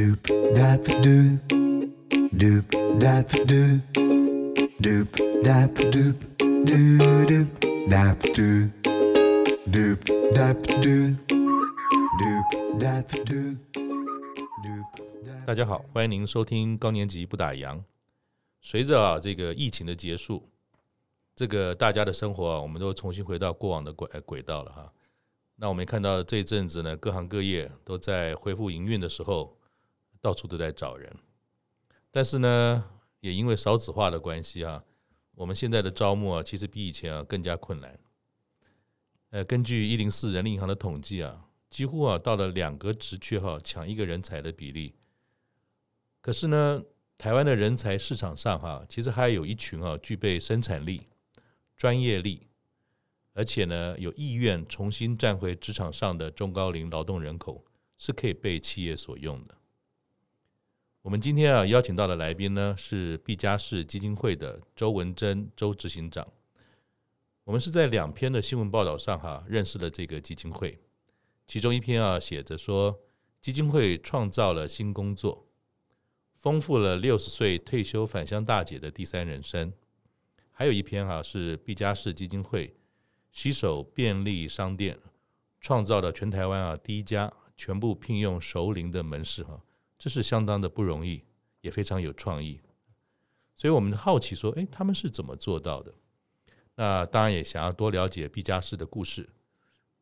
Doop dap doop doop dap doop doop dap doop doop dap doop doop dap doop doop。大家好，歡迎您收聽高年級不打烊。隨着啊這個疫情的結束，這個大家的生活啊，我們都重新回到過往的軌、呃、軌道了哈。那我們看到這一陣子呢，各行各業都在恢復營運的時候，到處都在找人，但是呢，也因為少子化的關係啊，我們現在的招募啊，其實比以前啊更加困難。根據一零四人力銀行的統計啊，幾乎啊到了兩個職缺哈，搶一個人才的比例。可是呢，台灣的人才市場上哈、啊，其實還有一群啊具備生產力、專業力，而且呢有意願重新站回職場上的中高齡勞動人口，是可以被企業所用的。我們今天啊邀請到的來賓呢是畢嘉士基金會的周文珍周執行長。我們是在兩篇的新聞報道上哈認識了這個基金會，其中一篇啊寫着說基金會創造了新工作，豐富了六十歲退休返鄉大姐的第三人生。還有一篇啊是畢嘉士基金會攜手便利商店創造了全台灣啊第一家全部聘用熟齡的門市哈。這是相當的不容易，也非常有創意，所以我們好奇說，哎，他們是怎麼做到的？那當然也想要多了解畢嘉士的故事。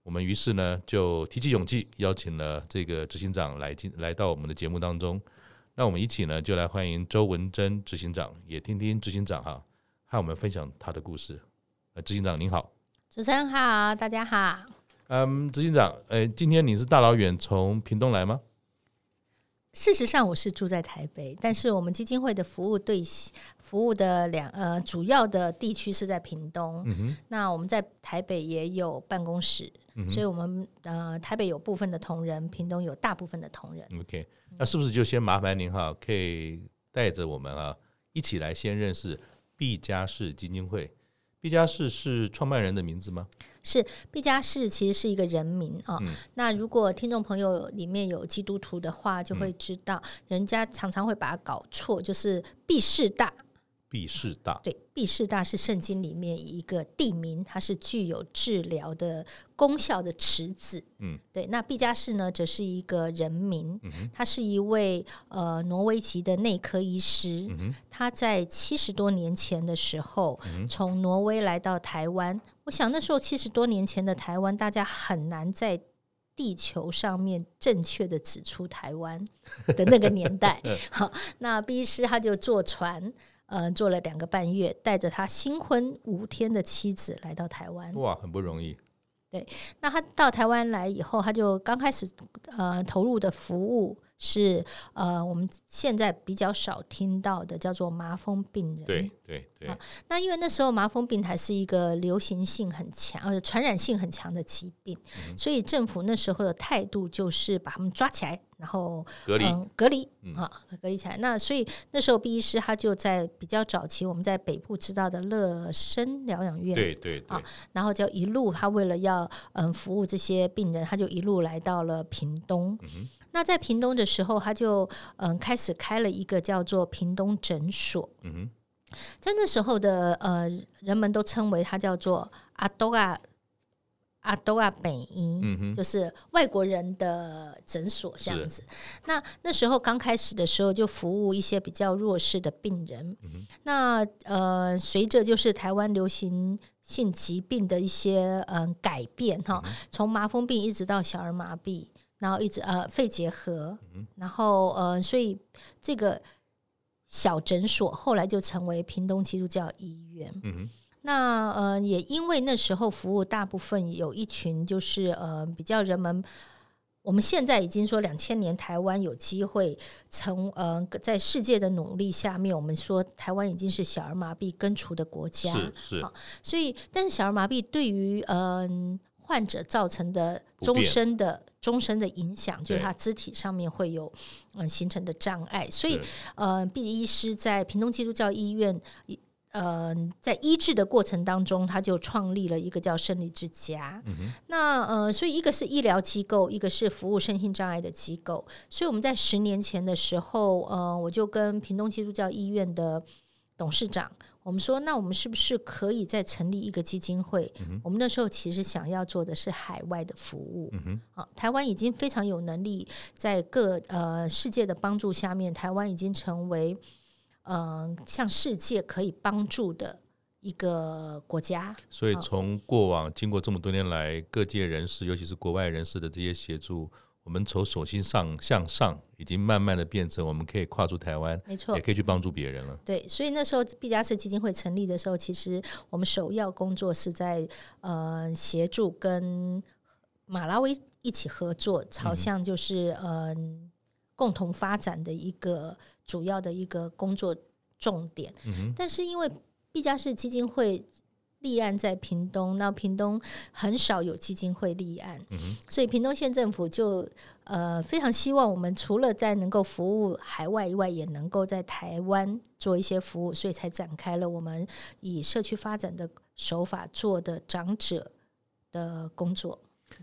我們於是呢就提起勇氣，邀請了這個執行長來進來到我們的節目當中。那我們一起呢就來歡迎周文珍執行長，也聽聽執行長哈，和我們分享他的故事。呃、執行長您好，主持人好，大家好。嗯、um,，執行長，哎，今天你是大老遠從屏東來嗎？事實上，我是住在台北，但是我們基金會的服務對服務的兩呃主要的地區是在屏東。嗯哼。那我們在台北也有辦公室，嗯、所以我們呃台北有部分的同仁，屏東有大部分的同仁。OK，那是不是就先麻煩您哈，可以帶着我們啊一起來先認識畢嘉士基金會？畢嘉士是創辦人的名字嗎？是畢嘉士，其實是一個人名啊、嗯。那如果聽眾朋友裡面有基督徒的話，就會知道，人家常常會把它搞錯，就是畢士大。畢士大、嗯、對，畢士大是聖經裡面一個地名，它是具有治療的功效的池子。嗯，對。那畢嘉士呢，則是一個人名，嗯、他是一位呃挪威籍的內科醫師、嗯。他在七十多年前的時候、嗯，從挪威來到台灣。我想那時候七十多年前的台灣，大家很難在地球上面正確地指出台灣的那個年代。 好，那畢醫師他就坐船。呃，做了兩個半月，帶着他新婚五天的妻子來到台灣。哇，很不容易。對，那他到台灣來以後，他就剛開始呃投入的服務。是呃，我們現在比較少聽到的叫做麻風病人，對對對、啊。那因為那時候麻風病還是一個流行性很強、傳染性很強的疾病，嗯，所以政府那時候的態度就是把他們抓起來，然後隔離、嗯、隔離、嗯、啊隔離起來。那所以那時候畢醫師他就在比較早期我們在北部知道的樂生療養院。對對對。啊，然後就一路他為了要嗯服務這些病人，他就一路來到了屏東。嗯嗯他在屏東的時候，他就嗯開始開了一個叫做屏東診所，嗯。在那時候的呃，人們都稱為他叫做阿多啊阿多啊本醫，就是外國人的診所這樣子。那那時候剛開始的時候，就服務一些比較弱勢的病人。嗯、那呃，隨着就是台灣流行性疾病的一些嗯改變哈，從、嗯、麻風病一直到小兒麻痹。然後一直呃肺結核，然後呃所以這個小診所後來就成為屏東基督教醫院。嗯，那呃也因為那時候服務大部分有一群就是呃比較人們，我們現在已經說兩千年台灣有機會成呃在世界的努力下面，我們說台灣已經是小兒麻痹根除的國家。是、是、哦，所以但是小兒麻痹對於嗯、呃、患者造成的終身的。終身的影響，就是他肢體上面會有嗯形成的障礙，所以呃，畢醫師在屏東基督教醫院，呃，在醫治的過程當中，他就創立了一個叫“勝利之家”嗯。那呃，所以一個是醫療機構，一個是服務身心障礙的機構。所以我們在十年前的時候，呃，我就跟屏東基督教醫院的董事長。我們說，那我們是不是可以再成立一個基金會？嗯、我們那時候其實想要做的是海外的服務。嗯、台灣已經非常有能力，在各呃世界的幫助下面，台灣已經成為嗯、呃、向世界可以幫助的一個國家。所以，從過往經過這麼多年來各界人士，尤其是國外人士的這些協助。我們從手心上向上，已經慢慢的變成我們可以跨出台灣，沒錯，也可以去幫助別人了。對，所以那時候畢嘉士基金會成立的時候，其實我們首要工作是在呃協助跟馬拉威一起合作，朝向就是、嗯、呃共同發展的一個主要的一個工作重點。嗯、但是因為畢嘉士基金會。立案在屏東，那屏東很少有基金會立案，嗯，所以屏東縣政府就呃非常希望我們除了在能夠服務海外以外，也能夠在台灣做一些服務，所以才展開了我們以社區發展的手法做的長者的工作。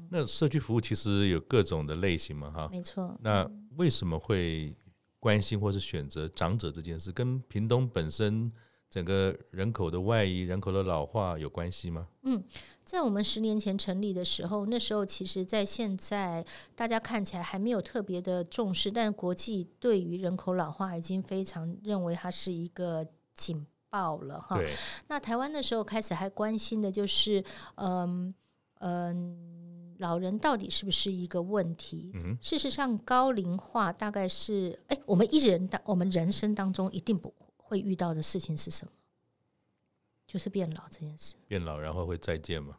那社區服務其實有各種的類型嘛，哈，沒錯。那為什麼會關心或是選擇長者這件事？跟屏東本身？整個人口的外移、人口的老化有關係嗎？嗯，在我們十年前成立的時候，那時候其實，在現在大家看起來還沒有特別的重視，但國際對於人口老化已經非常認為它是一個警報了哈。對。那台灣那時候開始還關心的就是，嗯、呃、嗯、呃，老人到底是不是一個問題？嗯、事實上高齡化大概是，哎，我們一人，我們人生當中一定不會。會遇到的事情是什麼？就是變老這件事。變老，然後會再見嗎？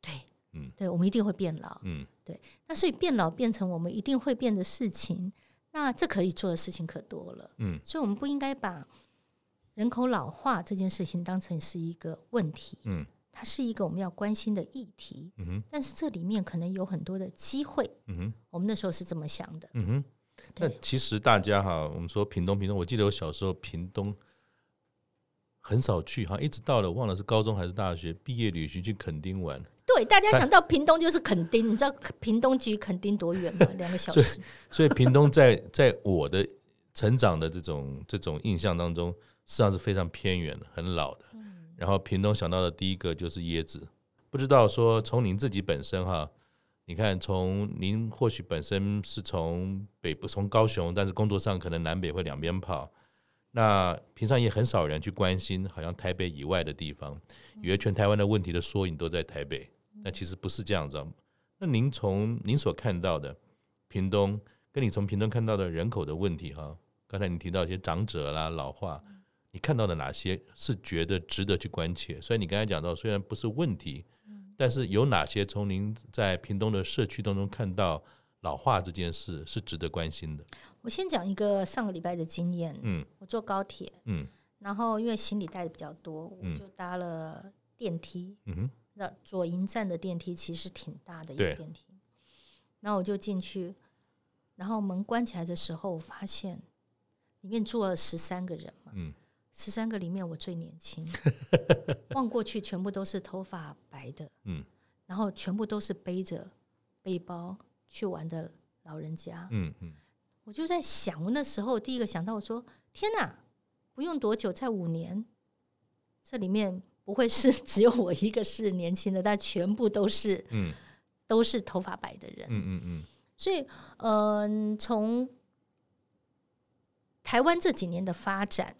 對，嗯，對我們一定會變老，嗯，對。那所以變老變成我們一定會變的事情，那這可以做的事情可多了，嗯。所以，我們不應該把人口老化這件事情當成是一個問題，嗯，它是一個我們要關心的議題，嗯，但是這裡面可能有很多的機會，嗯，我們那時候是這麼想的。嗯哼。那其實大家哈，我們說屏東屏東，我記得我小時候屏東很少去哈，一直到了忘了是高中還是大學畢業旅行去墾丁玩。對，大家想到屏東就是墾丁，你知道屏東距墾丁多遠嗎？兩個小時。所以屏東在在我的成長的這種這種印象當中，實際上是非常偏遠、很老的。然後屏東想到的第一個就是椰子，不知道說從您自己本身哈。你看，從您或許本身是從北部從高雄，但是工作上可能南北會兩邊跑。那平常也很少人去關心，好像台北以外的地方，有些全台灣的問題的縮影都在台北，那其實不是這樣子。那您從您所看到的屏東，跟你從屏東看到的人口的問題，哈，剛才你提到一些長者啦、老化，你看到的哪些是覺得值得去關切？所以你剛才講到，雖然不是問題。但是有哪些從您在屏東的社區當中看到老化這件事是值得關心的？我先講一個上個禮拜的經驗。嗯，我坐高鐵，嗯，然後因為行李帶的比較多，嗯，我就搭了電梯，嗯，那左營站的電梯其實挺大的一個電梯，那我就進去，然後門關起來的時候，我發現裡面坐了十三個人嘛，嗯。十三個裡面，我最年輕。望 過去，全部都是頭髮白的。嗯，然後全部都是背着背包去玩的老人家。嗯嗯，我就在想，我那時候第一個想到，我說：“天哪，不用多久，再五年，這裡面不會是只有我一個是年輕的，但全部都是，嗯，都是頭髮白的人。嗯”嗯嗯嗯。所以，嗯、呃，從台灣這幾年的發展。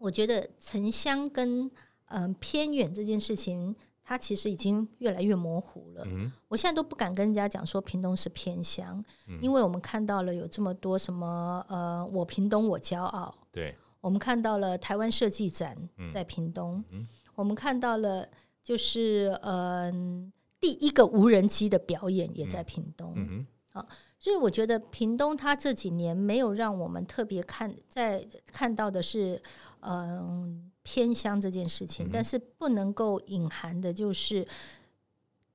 我覺得城鄉跟嗯、呃、偏遠這件事情，它其實已經越來越模糊了。嗯、mm -hmm.，我現在都不敢跟人家講說屏東是偏鄉，嗯、mm -hmm.，因為我們看到了有這麼多什麼呃，我屏東我驕傲，對，我們看到了台灣設計展在屏東，嗯、mm -hmm.，我們看到了就是嗯、呃、第一個無人機的表演也在屏東，嗯、mm -hmm.，啊，所以我覺得屏東它這幾年沒有讓我們特別看在看到的是。嗯，偏鄉這件事情，嗯、但是不能夠隱含的，就是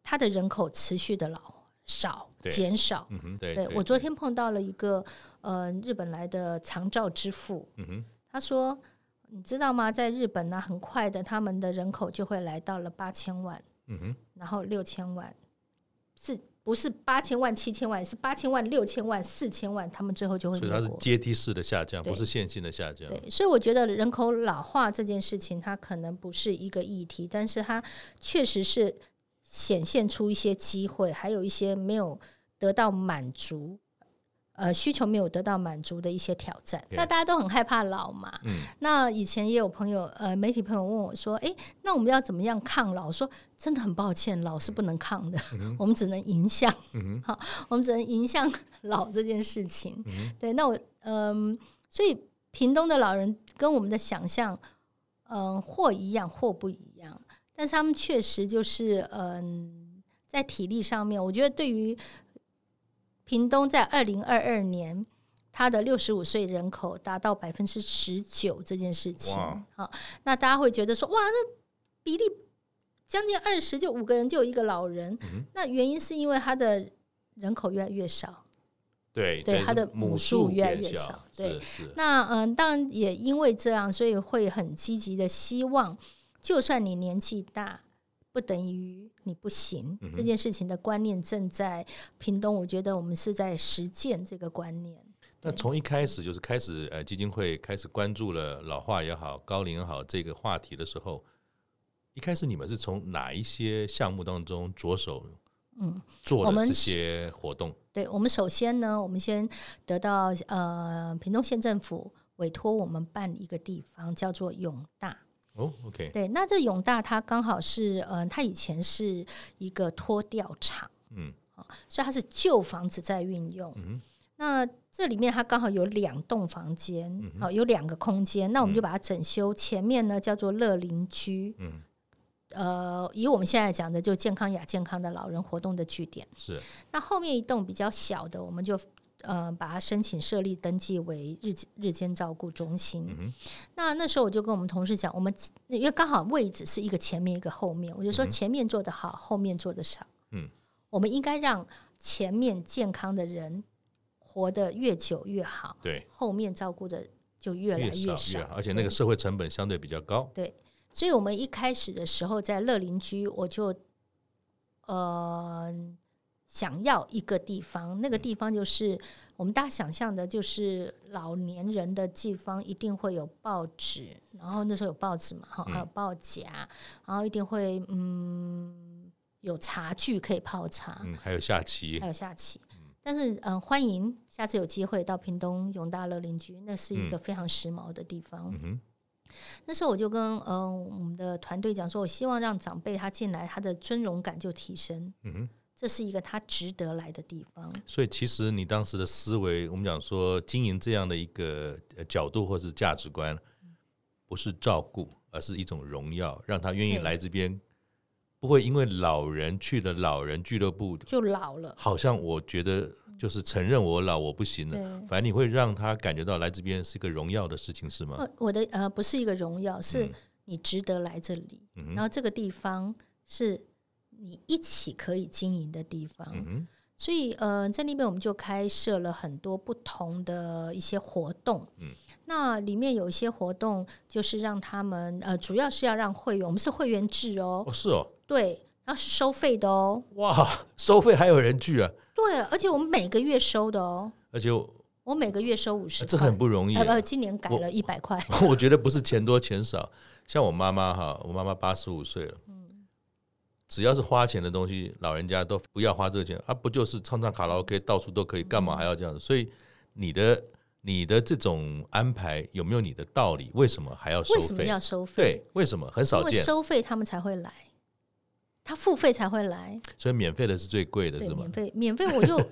他的人口持續的老少減少。嗯，對，對。我昨天碰到了一個、呃、日本來的長照之父，嗯，他說：“你知道嗎？在日本呢，很快的，他們的人口就會來到了八千萬，嗯，然後六千萬，是。”不是八千萬、七千萬，是八千萬、六千萬、四千萬，他們最後就會。所以它是階梯式的下降，不是線性的下降。對，所以我覺得人口老化這件事情，它可能不是一個議題，但是它確實是顯現出一些機會，還有一些沒有得到滿足。呃，需求沒有得到滿足的一些挑戰，那大家都很害怕老嘛。Yeah. 那以前也有朋友，呃，媒體朋友問我說：“哎、欸，那我們要怎麼樣抗老？”我說：“真的很抱歉，老是不能抗的，mm -hmm. 我們只能迎向。Mm -hmm. 好，我們只能迎向老這件事情。Mm -hmm. 對，那我嗯、呃，所以屏東的老人跟我們的想象，嗯、呃，或一樣或不一樣，但是他們確實就是嗯、呃，在體力上面，我覺得對於。”屏東在二零二二年，他的六十五歲人口達到百分之十九這件事情，Wow. 好，那大家會覺得說，哇，那比例將近二十，就五個人就有一個老人，嗯，那原因是因為他的人口越來越少，對，對，對他的母數越來越少，對，那嗯，當然也因為這樣，所以會很積極的希望，就算你年紀大。不等於你不行、嗯、這件事情的觀念正在屏東，我覺得我們是在實踐這個觀念。那從一開始就是開始呃，基金會開始關注了老化也好、高齡也好這個話題的時候，一開始你們是從哪一些項目當中着手？嗯，做的這些活動。嗯、我對我們首先呢，我們先得到呃屏東縣政府委托我們辦一個地方叫做永大。哦、oh，OK，對，那這永大它剛好是，嗯、呃，它以前是一個拖吊場，嗯、啊，所以它是舊房子在運用、嗯。那這裡面它剛好有兩棟房間，好、嗯啊、有兩個空間，那我們就把它整修。嗯、前面呢叫做樂林居，嗯，呃，以我們現在講的就健康亞健康的老人活動的據點是。那後面一棟比較小的，我們就。呃，把它申請設立登記為日日間照顧中心、嗯。那那時候我就跟我們同事講，我們因為剛好位置是一個前面一個後面，我就說前面做得好、嗯，後面做得少。嗯，我們應該讓前面健康的人活得越久越好。對，後面照顧的就越來越少，越少越好，而且那個社會成本相對比較高。對，對，所以我們一開始的時候在樂林居，我就呃。想要一個地方，那個地方就是我們大家想象的，就是老年人的地方，一定會有報紙，然後那時候有報紙嘛，哈，還有報夾、嗯，然後一定會嗯有茶具可以泡茶、嗯，還有下棋，還有下棋。但是嗯，歡迎下次有機會到屏東永大樂林居，那是一個非常時髦的地方。嗯、那時候我就跟嗯、呃、我們的團隊講說，我希望讓長輩他進來，他的尊榮感就提升。嗯哼。這是一個他值得來的地方。所以，其實你當時的思維，我們講說經營這樣的一個角度或是價值觀，不是照顧，而是一種榮耀，讓他願意來這邊，不會因為老人去了老人俱樂部就老了。好像我覺得就是承認我老我不行了。反正你會讓他感覺到來這邊是一個榮耀的事情，是嗎？我的呃，不是一個榮耀，是你值得來這裡，嗯。然後這個地方是。你一起可以經營的地方，嗯、所以呃，在那邊我們就開設了很多不同的一些活動。嗯，那裡面有一些活動就是讓他們呃，主要是要讓會員，我們是會員制哦。哦，是哦，對，然後是收費的哦。哇，收費還有人去啊？對，而且我們每個月收的哦。而且我，我每個月收五十、呃，這很不容易、啊。呃，今年改了一百塊。我覺得不是錢多錢少， 像我媽媽哈，我媽媽八十五歲了。只要是花錢的東西，老人家都不要花這個錢。啊，不就是唱唱卡拉 OK，到處都可以，幹嘛還要這樣子？所以你的你的這種安排有沒有你的道理？為什麼還要收費？為什麼要收費？對，為什麼很少見？因為收費他們才會來，他付費才會來，所以免費的是最貴的是，是嗎？免費免費我就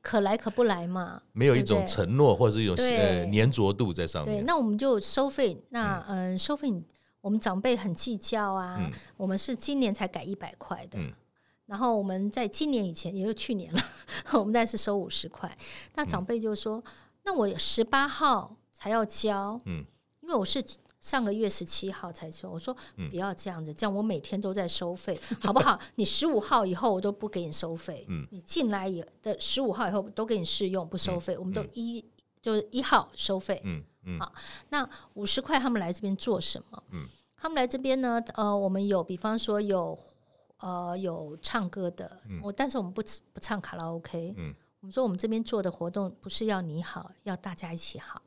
可來可不來嘛， 沒有一種承諾或者是一種呃粘着度在上面對。對，那我們就收費，那嗯、呃，收費。我們長輩很計較啊、嗯，我們是今年才改一百塊的、嗯，然後我們在今年以前，也就是去年了， 我們那是收五十塊。那長輩就說、嗯：“那我十八號才要交、嗯，因為我是上個月十七號才交。”我說、嗯：“不要這樣子，這樣我每天都在收費、嗯，好不好？ 你十五號以後我都不給你收費、嗯，你進來也的十五號以後都給你試用，不收費、嗯。我們都一、嗯、就是一號收費、嗯，嗯，好。那五十塊他們來這邊做什麼？嗯。”他們來這邊呢，呃，我們有，比方說有，呃，有唱歌的，我、嗯，但是我們不不唱卡拉 OK，、嗯、我們說我們這邊做的活動不是要你好，要大家一起好，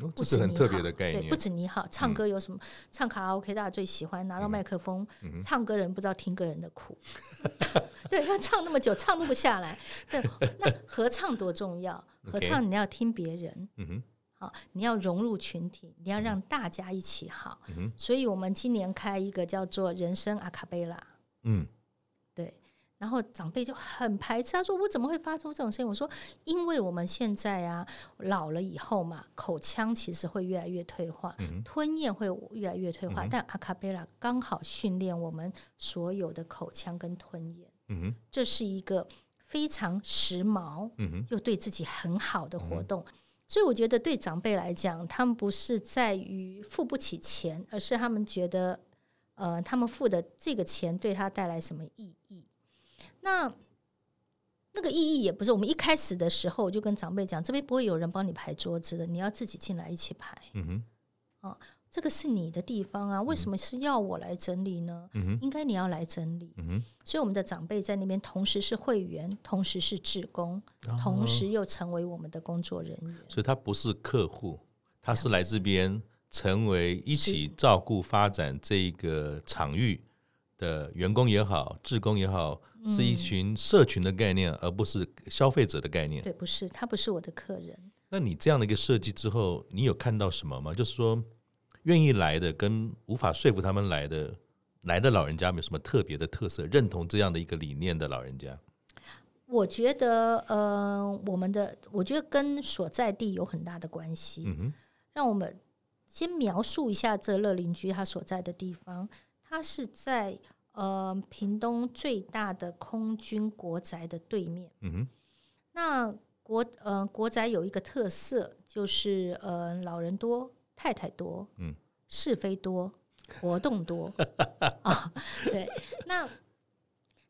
哦、不止你好這是很特別的概念，對，不止你好，唱歌有什麼，嗯、唱卡拉 OK 大家最喜歡，拿到麥克風、嗯、唱歌人不知道聽歌人的苦，嗯、 對他唱那麼久唱那麼下來，對，那合唱多重要，Okay, 合唱你要聽別人，嗯哼好，你要融入群體，你要讓大家一起好。嗯、所以，我們今年開一個叫做“人生阿卡貝拉”。嗯。對。然後長輩就很排斥，他說：“我怎麼會發出這種聲音？”我說：“因為我們現在啊，老了以後嘛，口腔其實會越來越退化，嗯、吞嚥會越來越退化。嗯、但阿卡貝拉剛好訓練我們所有的口腔跟吞嚥。嗯”這是一個非常時髦、嗯，又對自己很好的活動。嗯所以我覺得，對長輩來講，他們不是在於付不起錢，而是他們覺得，呃，他們付的這個錢對他帶來什麼意義？那那個意義也不是我們一開始的時候，我就跟長輩講，這邊不會有人幫你排桌子的，你要自己進來一起排。嗯這個是你的地方啊，為什麼是要我來整理呢？嗯、應該你要來整理，嗯。所以我們的長輩在那邊，同時是會員，同時是志工，哦，同時又成為我們的工作人員。所以他不是客戶，他是來這邊成為一起照顧、發展這個場域的員工也好，志工也好，是一群社群的概念，而不是消費者的概念。嗯、對，不是，他不是我的客人。那你這樣的一個設計之後，你有看到什麼嗎？就是說。願意來的跟無法說服他們來的來的老人家，沒有什麼特別的特色。認同這樣的一個理念的老人家，我覺得，呃，我們的我覺得跟所在地有很大的關係。嗯哼，讓我們先描述一下這樂林居他所在的地方。他是在呃屏東最大的空軍國宅的對面。嗯哼，那國呃國宅有一個特色，就是呃老人多。太太多，嗯，是非多，活動多啊、 哦。對，那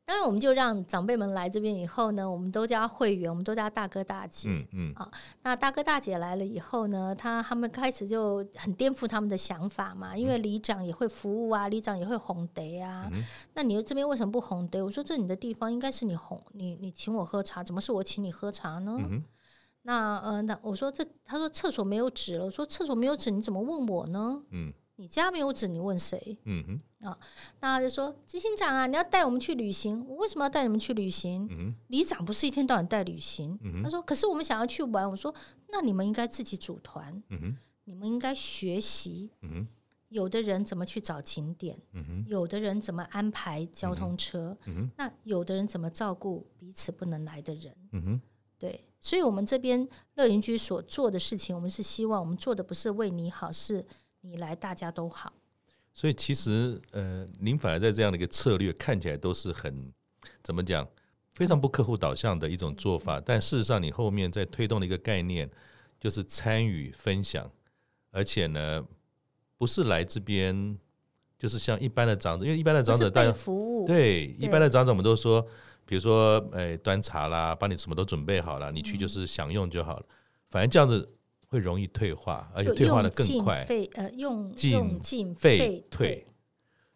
當然，我們就讓長輩們來這邊以後呢，我們都叫會員，我們都叫大哥大姐，嗯嗯啊、哦。那大哥大姐來了以後呢，他他們開始就很顛覆他們的想法嘛，因為里長也會服務啊，嗯、里長也會哄得啊、嗯。那你這邊為什麼不哄得？我說，這你的地方應該是你哄你，你請我喝茶，怎麼是我請你喝茶呢？嗯那呃，那我說這，他說廁所沒有紙了。我說廁所沒有紙，你怎麼問我呢？嗯，你家沒有紙，你問誰？嗯哼，啊，那他就說執行長啊，你要帶我們去旅行，我為什麼要帶你們去旅行？嗯，里長不是一天到晚帶旅行？嗯，他說，可是我們想要去玩。我說，那你們應該自己組團。嗯，你們應該學習。嗯，有的人怎麼去找景點？嗯，有的人怎麼安排交通車？嗯，那有的人怎麼照顧彼此不能來的人？嗯，對。所以，我們這邊樂林居所做的事情，我們是希望我們做的不是為你好，是你來大家都好。所以，其實呃，您反而在這樣的一個策略看起來都是很怎麼講，非常不客戶導向的一種做法。嗯、但事實上，你後面在推動的一個概念就是參與分享，而且呢，不是來這邊就是像一般的長者，因為一般的長者大服務大對，對一般的長者，我們都說。比如說，哎、欸，端茶啦，幫你什麼都準備好了，你去就是享用就好了。嗯、反正這樣子會容易退化，而且退化的更快。呃，用進廢退、退。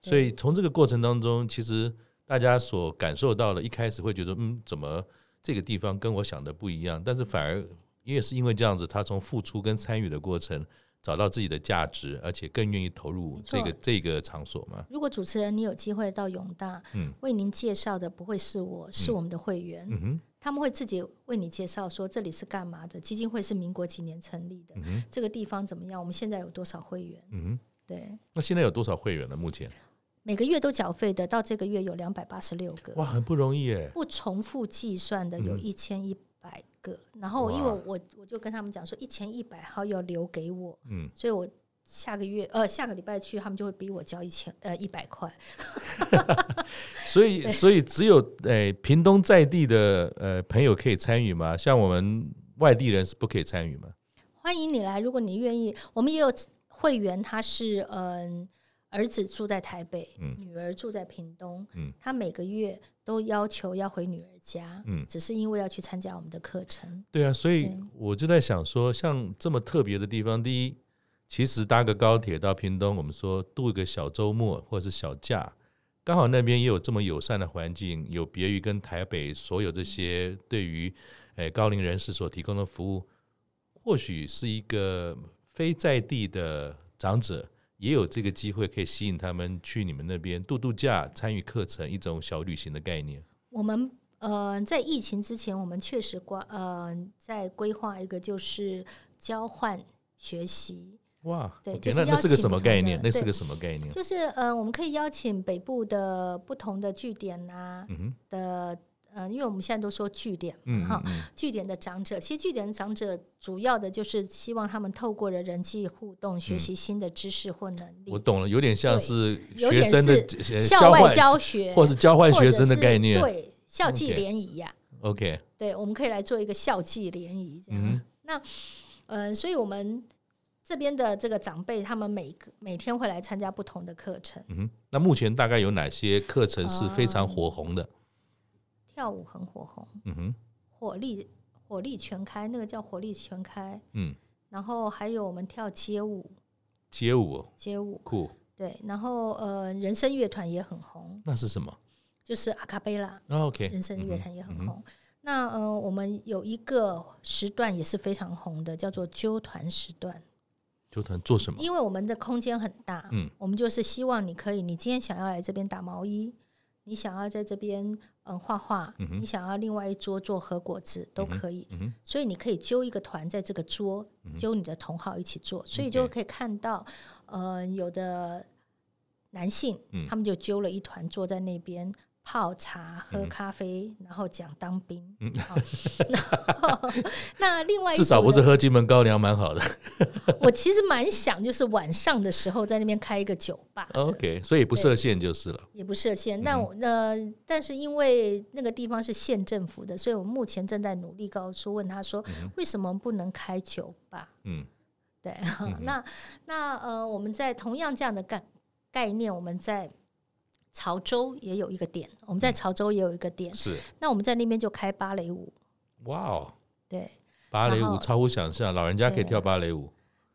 所以從這個過程當中，其實大家所感受到的，一開始會覺得，嗯，怎麼這個地方跟我想的不一樣？但是反而，也是因為這樣子，他從付出跟參與的過程。找到自己的價值，而且更願意投入這個這個場所嗎？如果主持人你有機會到永大，嗯，為您介紹的不會是我，是我們的會員、嗯嗯哼，他們會自己為你介紹說，這裡是幹嘛的。基金會是民國幾年成立的？嗯、這個地方怎麼樣？我們現在有多少會員？嗯，對。那現在有多少會員呢？目前每個月都繳費的，到這個月有兩百八十六個。哇，很不容易耶！不重複計算的有，嗯，有一千一。然後因為我我就跟他們講說一千一百號要留給我，嗯，所以我下個月呃下個禮拜去，他們就會逼我交一千呃一百塊 所以所以只有誒屏東在地的呃朋友可以參與嗎？像我們外地人是不可以參與嗎？歡迎你來，如果你願意，我們也有會員，他是嗯。兒子住在台北，女兒住在屏東，嗯。嗯，他每個月都要求要回女兒家，嗯，只是因為要去參加我們的課程。對啊，所以我就在想說，像這麼特別的地方，嗯，第一，其實搭個高鐵到屏東，我們說度一個小週末或者是小假，剛好那邊也有這麼友善的環境，有別於跟台北所有這些對於誒高齡人士所提供的服務，或許是一個非在地的長者。也有這個機會可以吸引他們去你們那邊度度假、參與課程，一種小旅行的概念。我們呃，在疫情之前，我們確實規呃在規劃一個就是交換學習。哇，對，那、okay，那是個什麼概念？那是個什麼概念？就是呃，我們可以邀請北部的不同的據點啊、嗯、的。嗯、呃，因為我們現在都說據點嗯、哈、嗯，據點的長者，其實據點的長者主要的就是希望他們透過了人際互動，學習新的知識或能力、嗯。我懂了，有點像是學生的校外教學，教或者是交換學生的概念，對，校際聯誼呀。Okay, OK，對，我們可以來做一個校際聯誼這樣。嗯、那，嗯、呃，所以我們這邊的這個長輩，他們每個每天會來參加不同的課程。嗯，那目前大概有哪些課程是非常火紅的？嗯嗯跳舞很火紅，嗯哼，火力火力全開，那個叫火力全開，嗯，然後還有我們跳街舞，街舞，街舞，酷，對，然後呃，人聲樂團也很紅，那是什麼？就是阿卡貝拉，OK，人聲樂團也很紅。嗯嗯、那呃，我們有一個時段也是非常紅的，叫做揪團時段。揪團做什麼？因為我們的空間很大，嗯，我們就是希望你可以，你今天想要來這邊打毛衣。你想要在這邊嗯畫畫，你想要另外一桌做和果子、嗯、都可以、嗯，所以你可以揪一個團在這個桌、嗯、揪你的同好一起做，所以就可以看到嗯、呃，有的男性、嗯，他們就揪了一團坐在那邊。嗯泡茶、喝咖啡，嗯、然後講當兵。嗯、 然後、那另外至少不是喝金門高粱，蠻好的 。我其實蠻想，就是晚上的時候在那邊開一個酒吧。OK，所以不設限就是了。也不設限，嗯、但我、呃、但是因為那個地方是縣政府的，所以我目前正在努力告訴問他說，嗯、為什麼不能開酒吧？嗯、對。嗯、那那呃，我們在同樣這樣的概概念，我們在。潮州也有一個店，我們在潮州也有一個店。嗯、是，那我們在那邊就開芭蕾舞。哇、wow，哦，對，芭蕾舞超乎想象，老人家可以跳芭蕾舞。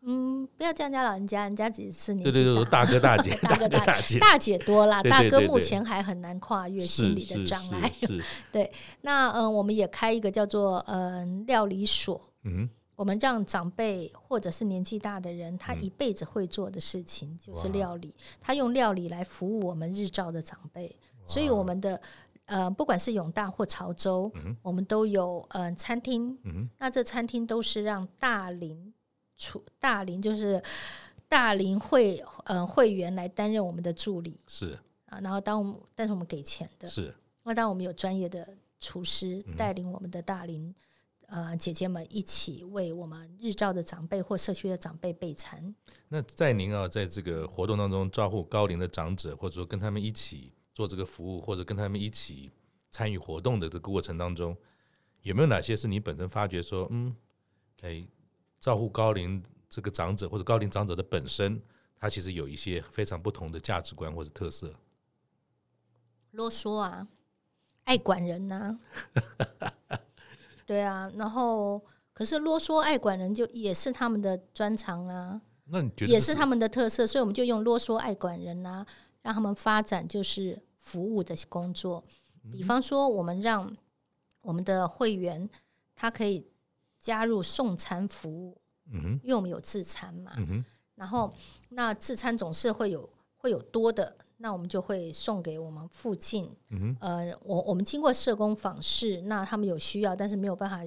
嗯，不要叫人家老人家，人家只是你對對對，大哥大姐， 大哥大姐，大姐多啦，大哥大姐對對對對，大哥目前還很難跨越心理的障礙。對，對，對，對，是是是是對，那嗯，我們也開一個叫做嗯料理所。嗯。我們讓長輩或者是年紀大的人，他一輩子會做的事情就是料理。他用料理來服務我們日照的長輩，所以我們的呃，不管是永大或潮州，我們都有呃餐廳。那這餐廳都是讓大齡廚、大齡就是大齡會呃會員來擔任我們的助理。是啊，然後當我們但是我們給錢的，是那當我們有專業的廚師帶領我們的大齡。呃，姐姐們一起為我們日照的長輩或社區的長輩備餐。那在您啊，在這個活動當中照顧高齡的長者，或者說跟他們一起做這個服務，或者跟他們一起參與活動的這個過程當中，有沒有哪些是你本身發覺說，嗯，哎，照顧高齡這個長者，或者高齡長者的本身，他其實有一些非常不同的價值觀或者特色？囉嗦啊，愛管人吶、啊。 對啊，然後可是囉嗦愛管人就也是他們的專長啊，那你覺得也是他們的特色，所以我們就用囉嗦愛管人啊，讓他們發展就是服務的工作。比方說，我們讓我們的會員他可以加入送餐服務，嗯哼，因為我們有自餐嘛，嗯哼嗯哼，然後那自餐總是會有會有多的。那我們就會送給我們附近，嗯哼，呃，我我們經過社工訪視，那他們有需要，但是沒有辦法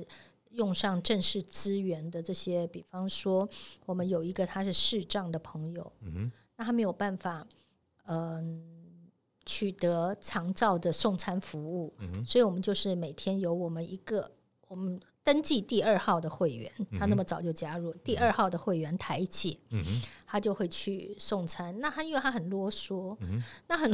用上正式資源的這些，比方說，我們有一個他是視障的朋友，嗯哼，那他沒有辦法，嗯，呃，取得長照的送餐服務，嗯哼，所以我們就是每天有我們一個我們。登記第二號的會員，他那麼早就加入。第二號的會員、嗯、台姐、嗯，他就會去送餐。那他因為他很囉嗦、嗯，那很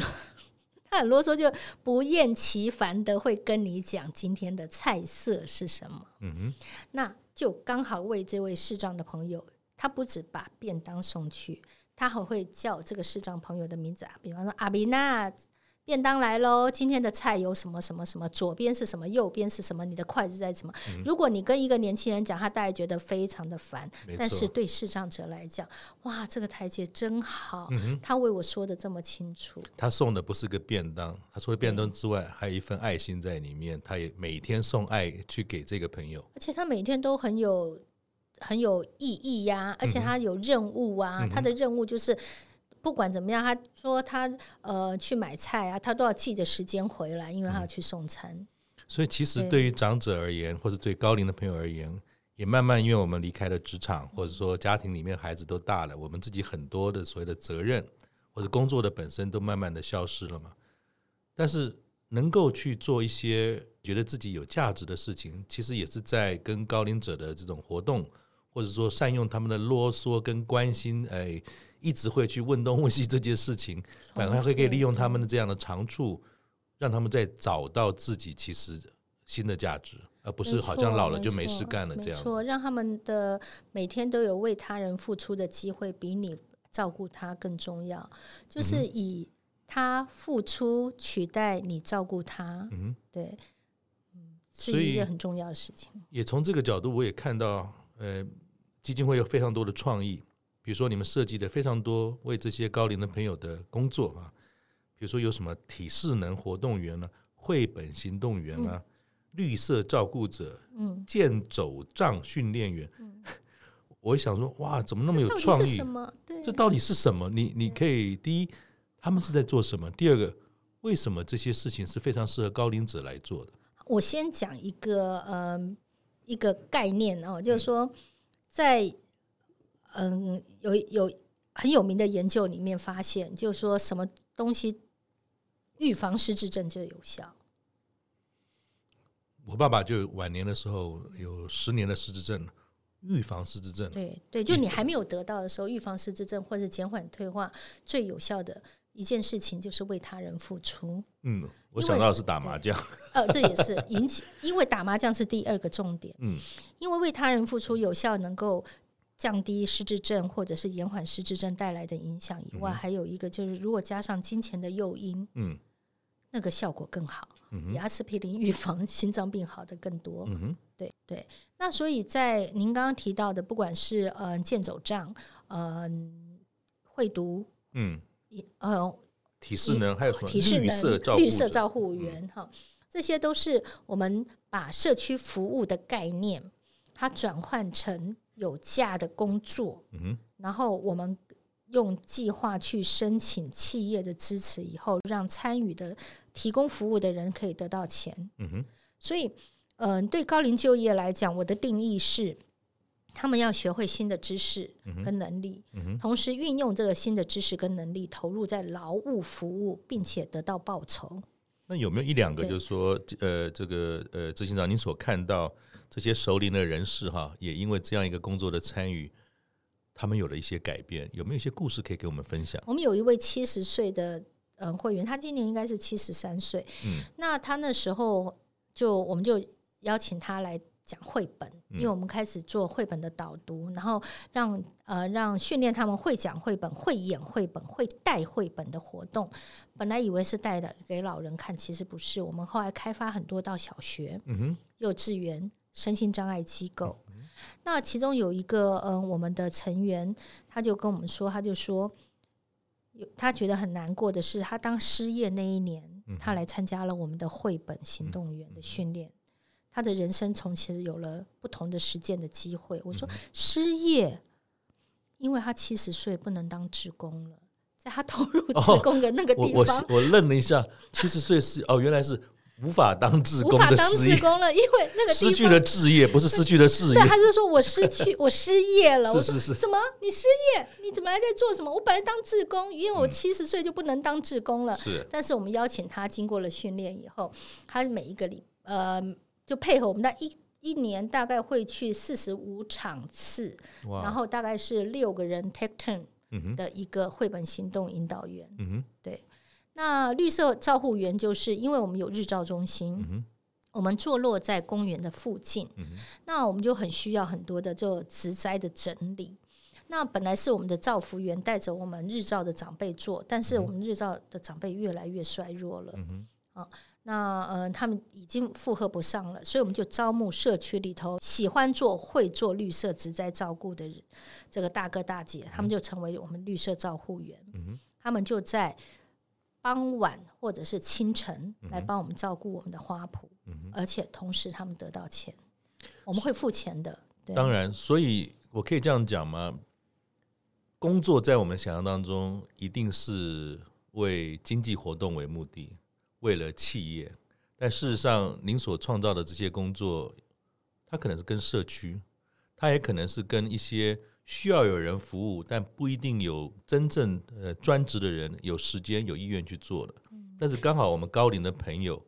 他很囉嗦，就不厭其煩的會跟你講今天的菜色是什麼。嗯、那就剛好為這位視障的朋友，他不止把便當送去，他還會叫這個視障朋友的名字啊，比方說阿比娜。便當來嘍！今天的菜有什麼什麼什麼？左邊是什麼？右邊是什麼？你的筷子在什麼？嗯、如果你跟一個年輕人講，他大概覺得非常的煩。但是對視障者來講，哇，這個台階真好，嗯、他為我說的這麼清楚。他送的不是個便當，他除了便當之外，還有一份愛心在裡面。他也每天送愛去給這個朋友，而且他每天都很有很有意義呀，啊，而且他有任務啊，嗯嗯、他的任務就是。不管怎麼樣，他說他呃去買菜啊，他都要記得時間回來，因為他要去送餐。嗯、所以，其實對於長者而言，或者對高齡的朋友而言，也慢慢因為我們離開了職場，或者說家庭裡面孩子都大了，嗯、我們自己很多的所謂的責任或者工作的本身都慢慢的消失了嘛。但是能夠去做一些覺得自己有價值的事情，其實也是在跟高齡者的這種活動，或者說善用他們的囉嗦跟關心哎。一直會去問東問西這件事情，反而還可以利用他們的這樣的長處，讓他們再找到自己其實新的價值，而不是好像老了就沒事幹了這樣。沒錯，沒錯，沒錯，讓他們的每天都有為他人付出的機會，比你照顧他更重要。就是以他付出取代你照顧他，嗯，對，嗯，是一件很重要的事情。也從這個角度，我也看到，呃，基金會有非常多的創意。比如說，你們設計的非常多為這些高齡的朋友的工作啊，比如說有什麼體適能活動員呢、啊？繪本行動員呢、啊嗯？綠色照顧者？嗯，健走杖訓練員、嗯？我想說，哇，怎麼那麼有創意？這到底是什麼？什麼你你可以，第一，他們是在做什麼？第二個，為什麼這些事情是非常適合高齡者來做的？我先講一個嗯、呃，一個概念哦，就是說在、嗯。嗯，有有很有名的研究裡面發現，就是說什麼東西預防失智症最有效？我爸爸就晚年的時候有十年的失智症，預防失智症。對對，就你還沒有得到的時候，預防失智症或者減緩退化最有效的一件事情就是為他人付出。嗯，我想到的是打麻將。呃，這也是引起， 因為打麻將是第二個重點。嗯，因為為他人付出有效能夠。降低失智症或者是延緩失智症帶來的影響以外，嗯，還有一個就是，如果加上金錢的誘因，嗯，那個效果更好，嗯，比阿司匹林預防心臟病好的更多。嗯對對。那所以在您剛剛提到的，不管是呃健走杖，呃，會讀，嗯，呃體適能，還有什麼體適能，綠色照護員哈、嗯，這些都是我們把社區服務的概念，它轉換成。有價的工作、嗯，然後我們用計劃去申請企業的支持，以後讓參與的提供服務的人可以得到錢。嗯、所以，嗯、呃，對高齡就業來講，我的定義是，他們要學會新的知識跟能力，嗯嗯、同時運用這個新的知識跟能力投入在勞務服務，並且得到報酬。那有沒有一兩個，就是說，呃，這個，呃，執行長，您所看到？這些熟齡的人士哈，也因為這樣一個工作的參與，他們有了一些改變。有沒有一些故事可以給我們分享？我們有一位七十歲的嗯、呃、會員，他今年應該是七十三歲。嗯，那他那時候就我們就邀請他來講繪本，嗯、因為我們開始做繪本的導讀，然後讓呃讓訓練他們會講繪本、會演繪本、會帶繪本的活動。本來以為是帶的給老人看，其實不是。我們後來開發很多到小學、嗯、幼稚園。身心障礙機構，那其中有一個嗯，我們的成員他就跟我們說，他就說，他覺得很難過的是，他當失業那一年，嗯、他來參加了我們的繪本行動員的訓練、嗯，他的人生從此有了不同的實踐的機會。我說失業，因為他七十歲不能當職工了，在他投入職工的那個地方、哦我我，我愣了一下，七十歲是哦，原來是。無法當志工的業，無法當志工了， 因為那個失去了志業，不是失去了事業 對。他就說我失去，我失業了。 是是是，我說什麼？你失業？你怎麼還在做什麼？我本來當志工，因為我七十歲就不能當志工了。嗯、是，但是我們邀請他，經過了訓練以後，他每一個禮呃，就配合我們，在一一年大概會去四十五場次，然後大概是六個人 take turn 的一個繪本行動引導員。嗯嗯、對。那綠色照護員就是，因為我們有日照中心，嗯、我們坐落在公園的附近、嗯，那我們就很需要很多的就植栽的整理。那本來是我們的照服員帶着我們日照的長輩做，但是我們日照的長輩越來越衰弱了，嗯啊、那呃，他們已經負荷不上了，所以我們就招募社區裡頭喜歡做、會做綠色植栽照顧的人，這個大哥大姐、嗯，他們就成為我們綠色照護員、嗯，他們就在。傍晚或者是清晨來幫我們照顧我們的花圃、嗯嗯，而且同時他們得到錢，我們會付錢的。當然，所以我可以這樣講嗎？工作在我們想象當中一定是為經濟活動為目的，為了企業。但事實上，您所創造的這些工作，它可能是跟社區，它也可能是跟一些。需要有人服務，但不一定有真正呃專職的人有時間、有意願去做的。嗯、但是剛好我們高齡的朋友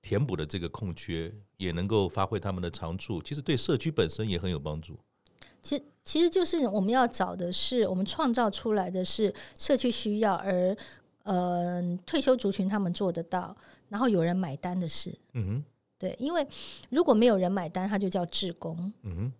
填補了這個空缺，也能夠發揮他們的長處，其實對社區本身也很有幫助。其實其實就是我們要找的是，我們創造出來的是社區需要，而呃退休族群他們做得到，然後有人買單的事。嗯哼，對，因為如果沒有人買單，他就叫志工。嗯哼。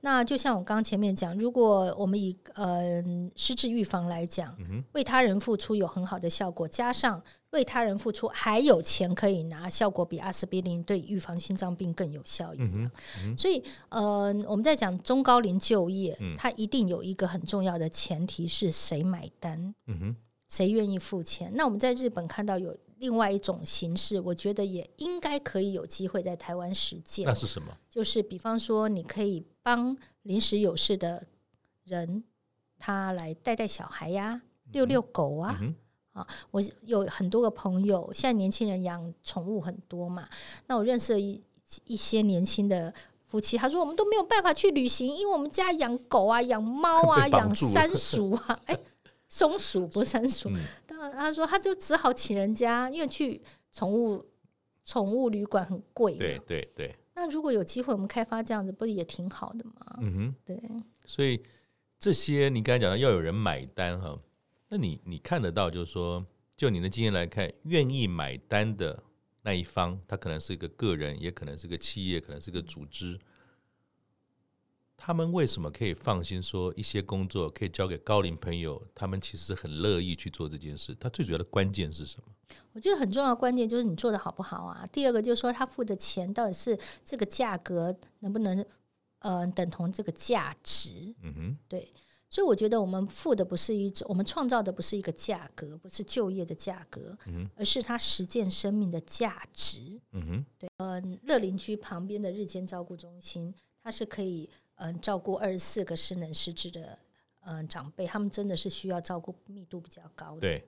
那就像我剛前面講，如果我們以呃失智預防來講，嗯，為他人付出有很好的效果，加上為他人付出還有錢可以拿，效果比阿司匹林對預防心臟病更有效一，嗯嗯，所以，呃，我們在講中高齡就業，嗯，它一定有一個很重要的前提是誰買單，嗯哼，誰願意付錢？那我們在日本看到有另外一種形式，我覺得也應該可以有機會在台灣實踐。那是什麼？就是比方說，你可以。當臨時有事的人，他來帶帶小孩呀、啊，遛遛狗啊、嗯嗯、啊。我有很多個朋友，現在年輕人養寵物很多嘛。那我認識了一些年輕的夫妻，他說我們都沒有辦法去旅行，因為我們家養狗啊，養貓啊，養山鼠啊，哎，松鼠不是山鼠。他、嗯、他說他就只好請人家，因為去寵物寵物旅館很貴。對對對。對那如果有機會，我們開發這樣子，不也挺好的嗎？嗯，對。所以這些你剛才講到要有人買單哈，那你你看得到，就是說，就你的經驗來看，願意買單的那一方，他可能是一個個人，也可能是個企業，可能是個組織。他們為什麼可以放心說，一些工作可以交給高齡朋友？他們其實是很樂意去做這件事。他最主要的關鍵是什麼？我覺得很重要的關鍵就是你做得好不好啊。第二個就是說他付的錢到底是這個價格能不能呃等同這個價值，嗯。對。所以我覺得我們付的不是一種，我們創造的不是一個價格，不是就業的價格，嗯、而是他實踐生命的價值。嗯、對。呃，樂林居旁邊的日間照顧中心，它是可以嗯、呃、照顧二十四個失能失智的呃長輩，他們真的是需要照顧密度比較高的。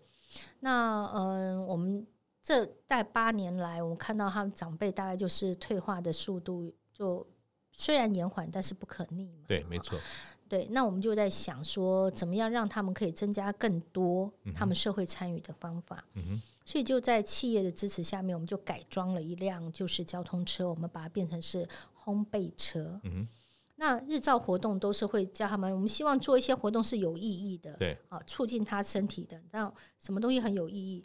那嗯，我們這代八年來，我們看到他們長輩大概就是退化的速度就雖然延緩，但是不可逆嘛。對，沒錯。對，那我們就在想說，怎麼樣讓他們可以增加更多他們社會參與的方法。嗯，嗯，所以就在企業的支持下面，我們就改裝了一輛就是交通車，我們把它變成是烘焙車。嗯那日照活動都是會叫他們，我們希望做一些活動是有意義的，對，啊，促進他身體的。那什麼東西很有意義？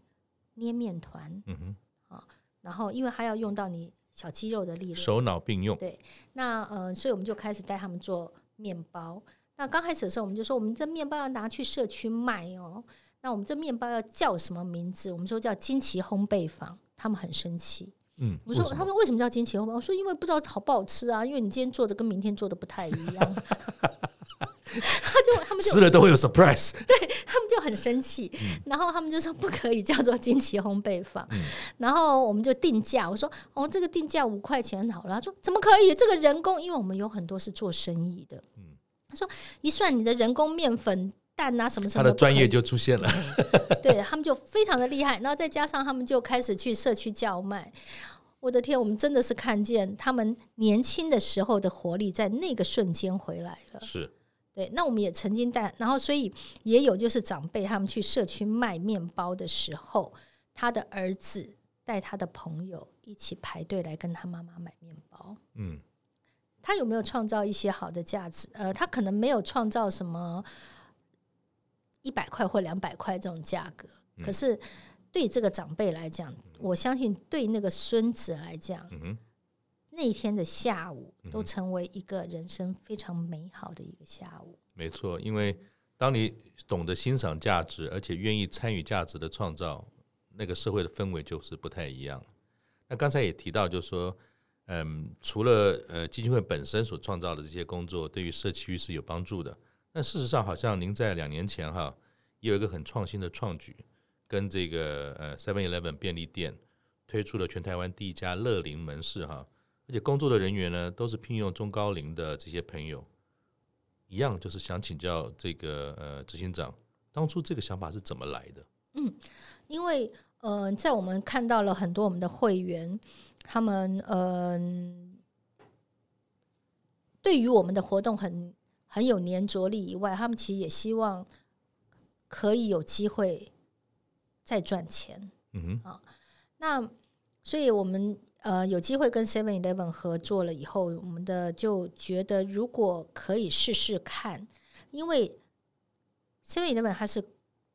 捏面糰，嗯哼，啊，然後因為他要用到你小肌肉的力量，手腦並用。對，那呃，所以我們就開始帶他們做面包。那剛開始的時候，我們就說，我們這面包要拿去社區賣哦。那我們這面包要叫什麼名字？我們說叫“驚奇烘焙坊”，他們很生氣。嗯、我說，他們為什麼叫驚奇烘焙？我說，因為不知道好不好吃啊，因為你今天做的跟明天做的不太一樣。 他就他們就吃了都會有 surprise，對，他們就很生氣，嗯、然後他們就說不可以叫做驚奇烘焙坊，嗯。然後我們就定價，我說哦，這個定價五塊錢好了。他說怎麼可以？這個人工，因為我們有很多是做生意的。他說一算你的人工麵粉。蛋啊，什麼什麼？他的專業就出現了、嗯， 對他們就非常的厲害。然後再加上他們就開始去社區叫賣。我的天，我們真的是看見他們年輕的時候的活力在那個瞬間回來了。是對。那我們也曾經帶，然後所以也有就是長輩他們去社區賣麵包的時候，他的兒子帶他的朋友一起排隊來跟他媽媽買麵包。嗯，他有沒有創造一些好的價值？呃，他可能沒有創造什麼。一百塊或兩百塊這種價格，可是對這個長輩來講，我相信對那個孫子來講，那一天的下午都成為一個人生非常美好的一個下午。嗯嗯嗯嗯嗯，沒錯，因為當你懂得欣賞價值，而且願意參與價值的創造，那個社會的氛圍就是不太一樣。那剛才也提到，就是說，嗯，除了呃基金會本身所創造的這些工作，對於社區是有幫助的。那事實上，好像您在兩年前哈，也有一個很創新的創舉，跟這個呃 Seven Eleven 便利店推出了全台灣第一家樂齡門市哈，而且工作的人員呢，都是聘用中高齡的這些朋友，一樣，就是想請教這個呃執行長，當初這個想法是怎麼來的？嗯，因為呃，在我們看到了很多我們的會員，他們嗯、呃，對於我們的活動很。很有粘着力以外，他們其實也希望可以有機會再賺錢。嗯哼啊，那所以我們呃有機會跟 Seven Eleven 合作了以後，我們的就覺得如果可以試試看，因為 Seven Eleven 它是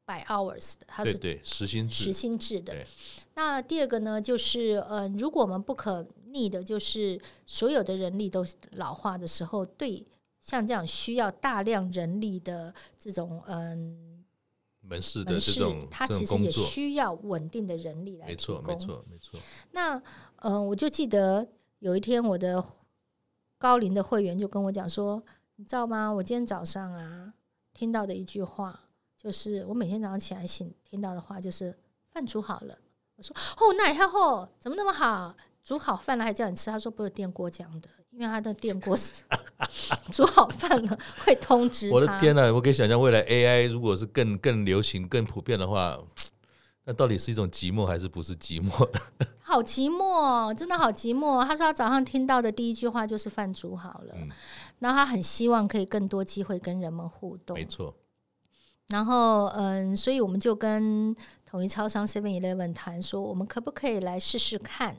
By Hours 的，它是對時薪制時薪制的對對時薪制。那第二個呢，就是呃，如果我們不可逆的，就是所有的人力都老化的時候，對。像這樣需要大量人力的這種，嗯，門市的這種，它其實也需要穩定的人力來提供。沒錯，沒錯，沒錯。那，嗯，我就記得有一天，我的高齡的會員就跟我講說：“你知道嗎？我今天早上啊，聽到的一句話，就是我每天早上起來醒聽到的話，就是飯煮好了。”我說：“哦，那還好，怎麼那麼好？煮好飯了還叫你吃？”他說：“不是電鍋講的。”因為他的電鍋煮好飯了， 會通知。我的天哪！我可以想象未來 AI 如果是更更流行、更普遍的話，那到底是一種寂寞還是不是寂寞？好寂寞，真的好寂寞。他說他早上聽到的第一句話就是飯煮好了。然後，嗯，他很希望可以更多機會跟人們互動。沒錯。然後，嗯，所以我們就跟統一超商 Seven Eleven 談說，我們可不可以來試試看？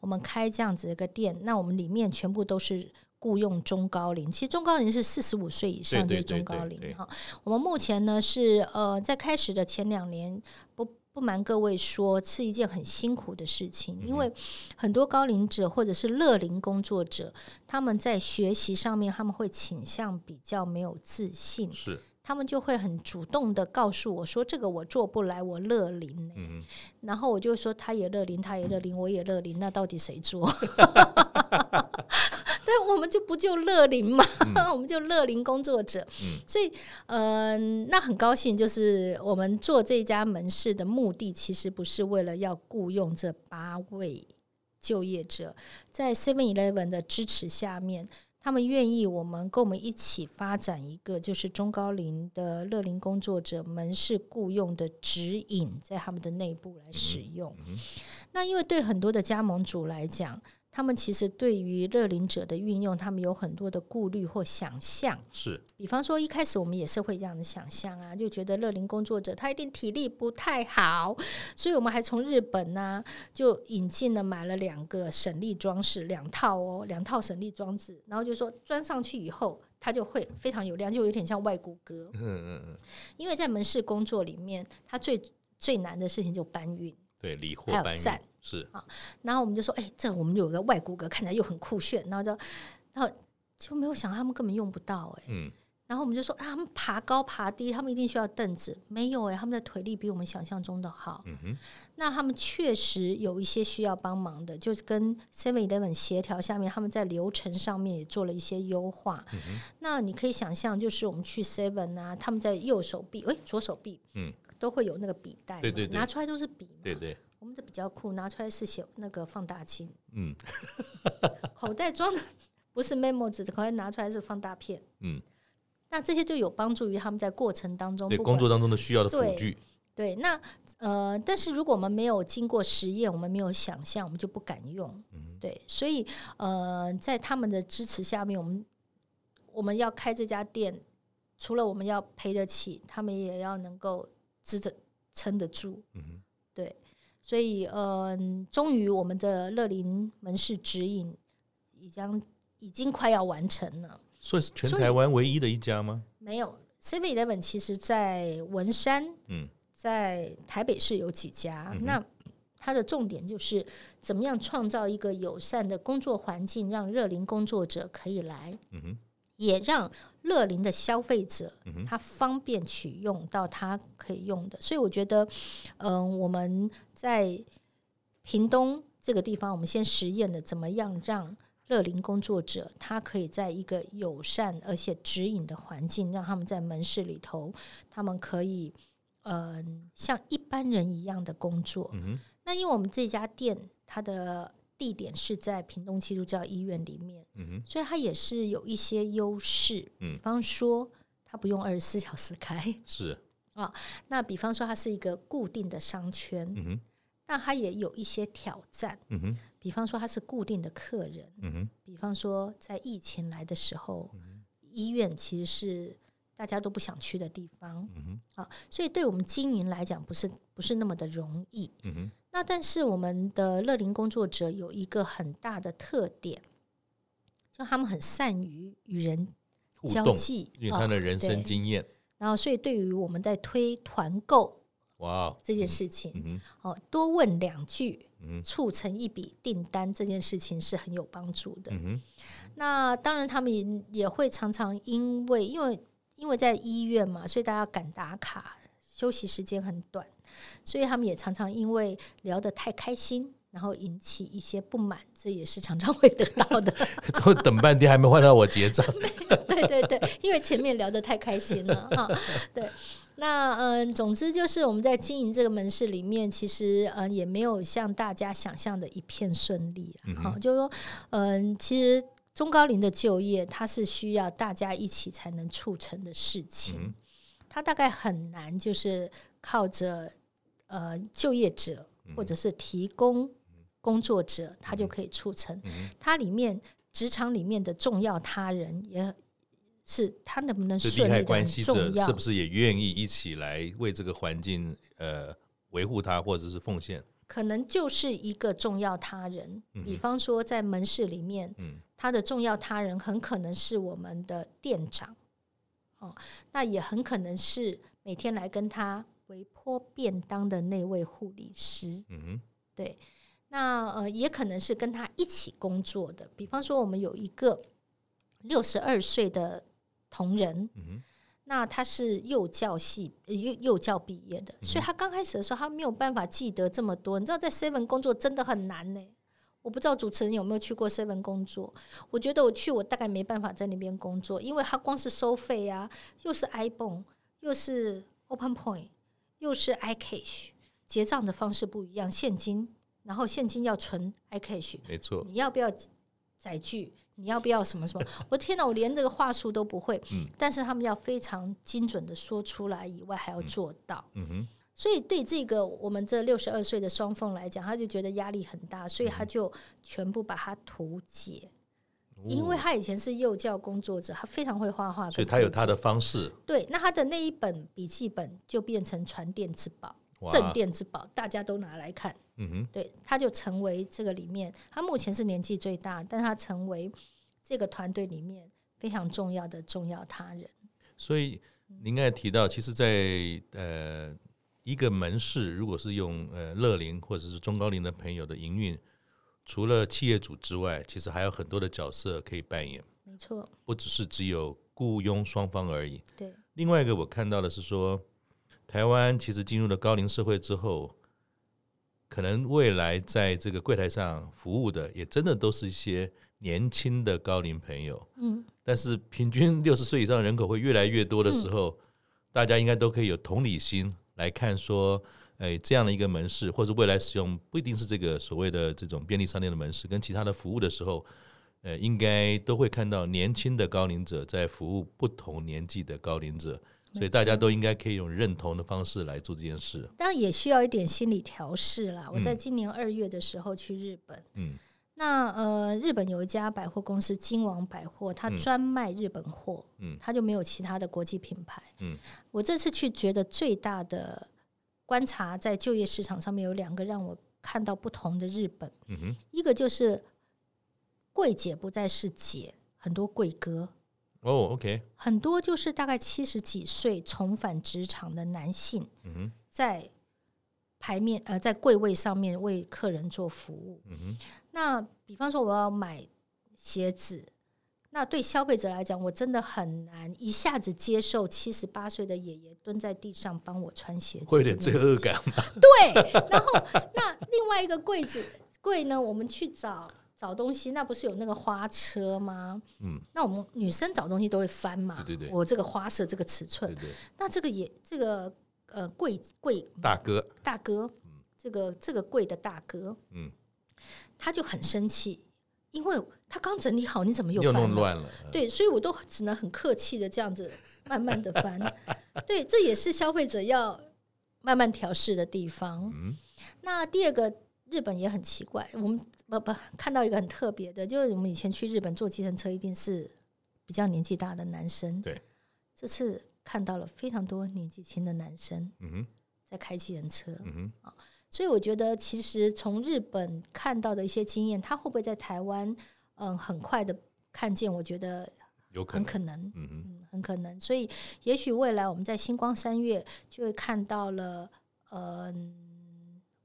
我們開這樣子一個店，那我們裡面全部都是僱傭中高齡，其實中高齡是四十五歲以上就是中高齡哈。對對對對對對，我們目前呢是呃，在開始的前兩年，不不瞞各位說，是一件很辛苦的事情，因為很多高齡者或者是樂齡工作者，他們在學習上面他們會傾向比較沒有自信。是。他們就會很主動的告訴我說：“這個我做不來，我樂齡。”嗯，然後我就說他：“他也樂齡，他也樂齡，我也樂齡，那到底誰做？” 但我們就不就樂齡嘛， 我們就樂齡工作者。嗯，所以，嗯，呃，那很高興，就是我們做這家門市的目的，其實不是為了要雇傭這八位就業者，在 Seven Eleven 的支持下面。他們願意我們跟我們一起發展一個，就是中高齡的樂齡工作者門市雇用的指引，在他們的內部來使用。那因為對很多的加盟主來講。他們其實對於樂齡者的運用，他們有很多的顧慮或想象。是，比方說一開始我們也是會這樣的想象啊，就覺得樂齡工作者他一定體力不太好，所以我們還從日本呢、啊、就引進了買了兩個省力裝置，兩套哦，兩套省力裝置，然後就說裝上去以後，他就會非常有量，就有點像外骨骼。嗯嗯嗯，因為在門市工作裡面，他最最難的事情就搬運。對，理貨搬運是然後我們就說，哎、欸，這我們有一個外骨骼，看起來又很酷炫，然後就，然後就沒有想到他們根本用不到、欸，哎、嗯，然後我們就說，他們爬高爬低，他們一定需要凳子，沒有哎、欸，他們的腿力比我們想象中的好，嗯哼，那他們確實有一些需要幫忙的，就是跟 Seven Eleven 協調，下面他們在流程上面也做了一些優化，嗯哼，那你可以想象，就是我們去 Seven 啊，他們在右手臂，哎、欸，左手臂，嗯。都會有那個筆袋，拿出來都是筆。對對，對，我們這比較酷，拿出來是寫那個放大鏡。嗯， 口袋裝的不是 memo 紙，口袋拿出來是放大片。嗯，那這些就有幫助於他們在過程當中，對，對工作當中的需要的輔具。對，那呃，但是如果我們沒有經過實驗，我們沒有想象，我們就不敢用。嗯，對，所以呃，在他們的支持下面，我們我們要開這家店，除了我們要賠得起，他們也要能夠。支着撐得住，嗯哼，對，所以，嗯、呃，終於我們的樂齡門市指引已經已經快要完成了。所以是全台灣唯一的一家嗎？沒有 7-Eleven 其實，在文山，嗯，在台北市有幾家，嗯。那它的重點就是怎麼樣創造一個友善的工作環境，讓樂齡工作者可以來，嗯哼，也讓。樂齡的消費者，他方便取用到他可以用的。所以我覺得，嗯、呃，我們在屏東這個地方，我們先實驗的怎麼樣讓樂齡工作者他可以在一個友善而且指引的環境，讓他們在門市裡頭，他們可以，嗯、呃，像一般人一樣的工作、嗯。那因為我們這家店，它的。地點是在屏東基督教醫院裡面，嗯、所以它也是有一些優勢、嗯，比方說它不用二十四小時開，是啊、哦。那比方說它是一個固定的商圈，嗯，但它也有一些挑戰、嗯，比方說它是固定的客人，嗯、比方說在疫情來的時候、嗯，醫院其實是大家都不想去的地方，嗯哦、所以對我們經營來講，不是不是那麼的容易，嗯那但是我們的樂齡工作者有一個很大的特點，就他們很善於與人交際，因為他的人生經驗。哦、然後，所以對於我們在推團購，哇，這件事情 wow,、嗯嗯嗯，哦，多問兩句，嗯、促成一筆訂單這件事情是很有幫助的。嗯嗯嗯、那當然，他們也也會常常因為因為因為在醫院嘛，所以大家趕打卡，休息時間很短。所以他們也常常因為聊得太開心，然後引起一些不滿，這也是常常會得到的 等半天還沒換到我結賬 。對對對，因為前面聊得太開心了，對，那嗯，總之就是我們在經營這個門市裡面，其實、嗯、也沒有像大家想象的一片順利了、啊、哈、嗯。就是、說嗯，其實中高齡的就業它是需要大家一起才能促成的事情，嗯、它大概很難就是靠着。呃，就業者或者是提供工作者，嗯、他就可以促成。它、嗯、裡面職場裡面的重要他人也是，他能不能順的很重要，是不是也願意一起來為這個環境呃維護他或者是奉獻？可能就是一個重要他人，比方說在門市裡面、嗯，他的重要他人很可能是我們的店長，哦，那也很可能是每天來跟他。微波便當的那位護理師、嗯，對，那呃也可能是跟他一起工作的，比方說我們有一個六十二歲的同仁、嗯，那他是幼教系、呃、幼幼教畢業的、嗯，所以他剛開始的時候他沒有辦法記得這麼多。你知道在 Seven 工作真的很難呢、欸，我不知道主持人有沒有去過 Seven 工作，我覺得我去我大概沒辦法在那邊工作，因為他光是收費啊，又是 ibon，又是 Open Point。又是 i cash 結賬的方式不一樣，現金，然後現金要存 i cash，沒錯。你要不要載具？你要不要什麼什麼？ 我天哪，我連這個話術都不會。嗯、但是他們要非常精準的說出來，以外還要做到、嗯哼。所以對這個我們這六十二歲的雙鳳來講，他就覺得壓力很大，所以他就全部把它圖解。因為他以前是幼教工作者，他非常會畫畫，所以他有他的方式。對，那他的那一本筆記本就變成傳店之寶、鎮店之寶，大家都拿來看。嗯哼，對，他就成為這個裡面，他目前是年紀最大，但他成為這個團隊裡面非常重要的重要他人。所以您剛才提到，其實在，在呃一個門市，如果是用呃樂齡或者是中高齡的朋友的營運。除了企業主之外，其實還有很多的角色可以扮演，沒錯，不只是只有僱傭雙方而已。對，另外一個我看到的是說，台灣其實進入了高齡社會之後，可能未來在這個櫃台上服務的也真的都是一些年輕的高齡朋友。嗯，但是平均六十歲以上人口會越來越多的時候，嗯，大家應該都可以有同理心來看說。誒、哎，這樣的一個門市，或者未來使用不一定是這個所謂的這種便利商店的門市，跟其他的服務的時候，呃、哎，應該都會看到年輕的高齡者在服務不同年紀的高齡者，所以大家都應該可以用認同的方式來做這件事。當然也需要一點心理調試啦。我在今年二月的時候去日本，嗯，那呃，日本有一家百貨公司金王百貨，它專賣日本貨，嗯，它就沒有其他的國際品牌，嗯，我這次去覺得最大的。觀察在就業市場上面有兩個讓我看到不同的日本，mm -hmm. 一個就是櫃姐不再是姐，很多櫃哥。哦、oh, OK。很多就是大概七十幾歲重返職場的男性，在排面、mm -hmm. 呃在櫃位上面為客人做服務。Mm -hmm. 那比方說我要買鞋子。那對消費者來講，我真的很難一下子接受七十八歲的爺爺蹲在地上幫我穿鞋子，會有點罪惡感吧？對。然後，那另外一個櫃子櫃 呢？我們去找找東西，那不是有那個花車嗎？嗯。那我們女生找東西都會翻嘛？對對對。我這個花色，這個尺寸。對，對，對。那這個也這個呃櫃櫃大哥大哥，這個這個櫃的大哥，嗯，他就很生氣。因為他剛整理好，你怎麼又翻了？又弄亂了。對，所以我都只能很客氣的這樣子慢慢的翻。 對，這也是消費者要慢慢調試的地方。那第二個日本也很奇怪，我們不不看到一個很特別的，就是我們以前去日本坐計程車一定是比較年紀大的男生。對，這次看到了非常多年紀輕的男生，在開計程車，嗯,哼嗯哼所以我覺得，其實，從日本看到的一些經驗，他會不會在台灣，嗯，很快的看見？我覺得有可能，很可能，嗯嗯，很可能。所以，也許未來我們在星光三月就會看到了，嗯、呃，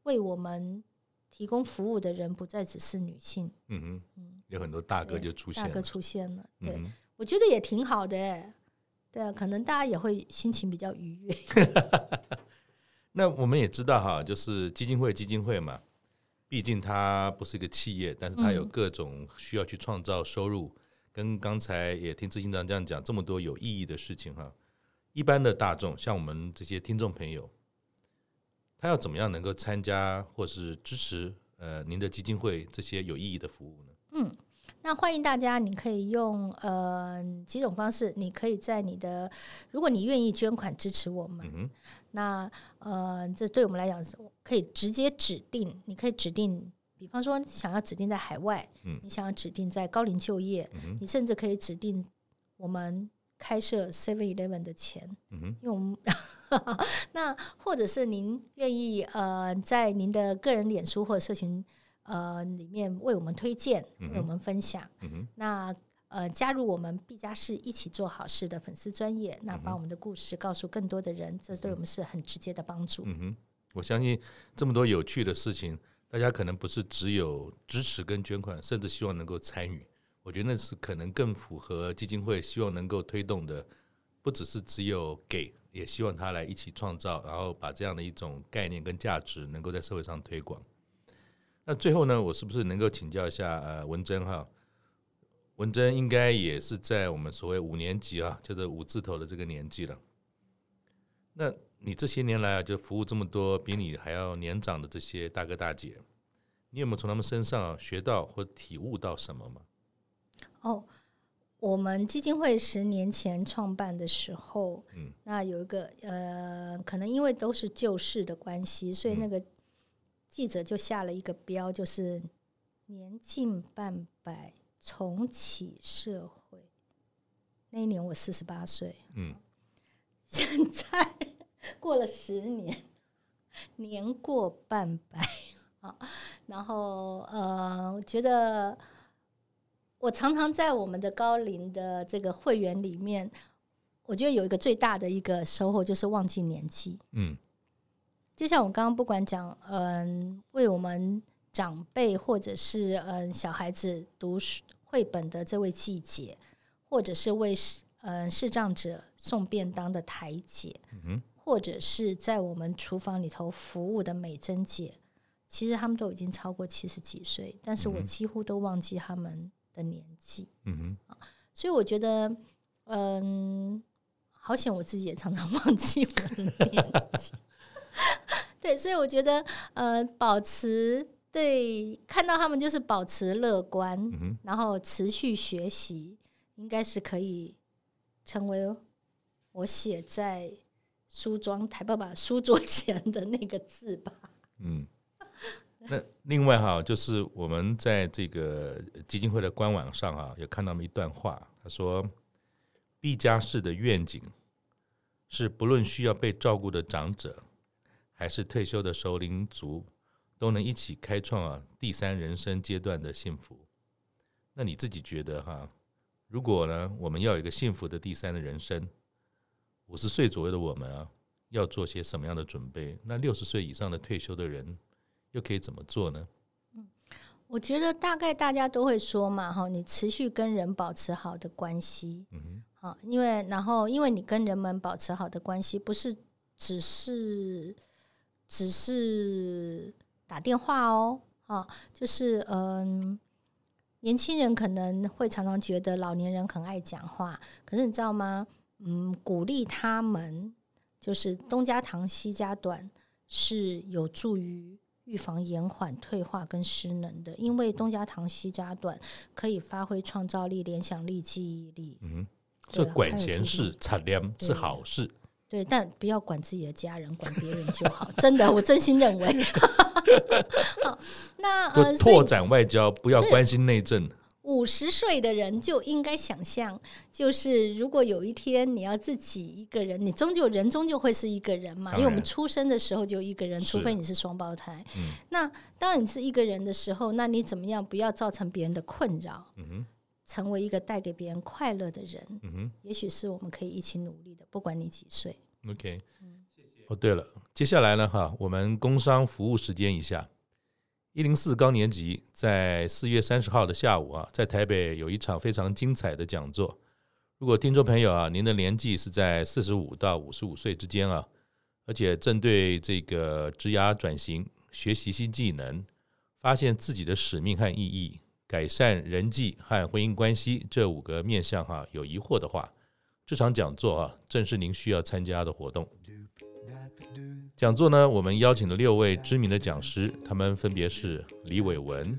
為我們提供服務的人不再只是女性，嗯嗯，有很多大哥就出現了，大哥出現了，對、嗯、我覺得也挺好的，哎，對啊，可能大家也會心情比較愉悅。 那我們也知道哈，就是基金會，基金會嘛，畢竟它不是一個企業，但是它有各種需要去創造收入。嗯、跟剛才也聽執行長這樣講，這麼多有意義的事情哈。一般的大眾，像我們這些聽眾朋友，他要怎麼樣能夠參加或是支持呃您的基金會這些有意義的服務呢？嗯，那歡迎大家，你可以用呃幾種方式，你可以在你的，如果你願意捐款支持我們。嗯那呃，這對我們來講是可以直接指定，你可以指定，比方說你想要指定在海外，嗯，你想要指定在高齡就業，嗯、你甚至可以指定我們開設 Seven Eleven 的錢，嗯、哼用。 那或者是您願意呃，在您的個人臉書或者社群呃裡面為我們推薦，嗯、為我們分享，嗯、哼那。呃，加入我們畢嘉士一起做好事的粉絲專業，那把我們的故事告訴更多的人、嗯，這對我們是很直接的幫助。嗯哼，我相信這麼多有趣的事情，大家可能不是只有支持跟捐款，甚至希望能夠參與。我覺得那是可能更符合基金會希望能夠推動的，不只是只有給，也希望他來一起創造，然後把這樣的一種概念跟價值能夠在社會上推廣。那最後呢，我是不是能夠請教一下呃文珍哈？文珍應該也是在我們所謂五年級啊，就是五字頭的這個年紀了。那你這些年來啊，就服務這麼多比你還要年長的這些大哥大姐，你有沒有從他們身上學到或體悟到什麼嗎？哦，我們基金會十年前創辦的時候，嗯，那有一個呃，可能因為都是舊事的關係，所以那個記者就下了一個標，就是年近半百。重啟社會，那一年我四十八歲，嗯，現在過了十年，年過半百啊，然後呃，我覺得我常常在我們的高齡的這個會員裡面，我覺得有一個最大的一個收穫就是忘記年紀，嗯，就像我剛剛不管講，嗯，為我們長輩或者是嗯小孩子讀書。繪本的這位季姐，或者是為視呃視障者送便當的台姐，嗯，或者是在我們廚房裡頭服務的美珍姐，其實他們都已經超過七十幾歲，但是我幾乎都忘記他們的年紀。嗯哼，所以我覺得，嗯，好險我自己也常常忘記我的年紀。 對，所以我覺得，呃，保持。對，看到他們就是保持樂觀，然後持續學習，嗯，應該是可以成為我寫在梳妝台、爸爸書桌前的那個字吧。嗯，那另外哈，就是我們在這個基金會的官網上啊，有看到一段話，他說：“畢嘉士的願景是，不論需要被照顧的長者，還是退休的熟齡族。”都能一起開創啊第三人生階段的幸福。那你自己覺得哈？如果呢，我們要有一個幸福的第三的人生，五十歲左右的我們啊，要做些什麼樣的準備？那六十歲以上的退休的人又可以怎麼做呢？嗯，我覺得大概大家都會說嘛，哈，你持續跟人保持好的關係。嗯哼，好，因為然後因為你跟人們保持好的關係，不是只是只是。打電話哦，啊、就是嗯，年輕人可能會常常覺得老年人很愛講話，可是你知道嗎？嗯，鼓勵他們就是東家長西家短，是有助於預防延緩退化跟失能的，因為東家長西家短可以發揮創造力、聯想力、記憶力。嗯，這管閒事、纏量是好事。對，但不要管自己的家人，管別人就好。 真的，我真心認為。 好，那呃，拓展外交，不要關心內政。五十歲的人就應該想象，就是如果有一天你要自己一個人，你終究人終究會是一個人嘛？因為我們出生的時候就一個人，除非你是雙胞胎，嗯。那當你是一個人的時候，那你怎麼樣？不要造成別人的困擾。嗯哼成為一個帶給別人快樂的人，嗯哼，也許是我們可以一起努力的。不管你幾歲，OK，嗯，謝謝。哦，對了，接下來呢，哈，我們工商服務時間一下，一零四高年級在四月三十號的下午啊，在台北有一場非常精彩的講座。如果聽眾朋友啊，您的年紀是在四十五到五十五歲之間啊，而且針對這個職涯轉型、學習新技能、發現自己的使命和意義。改善人際和婚姻關係這五個面向，哈，有疑惑的話，這場講座啊，正是您需要參加的活動。講座呢，我們邀請了六位知名的講師，他們分別是李偉文、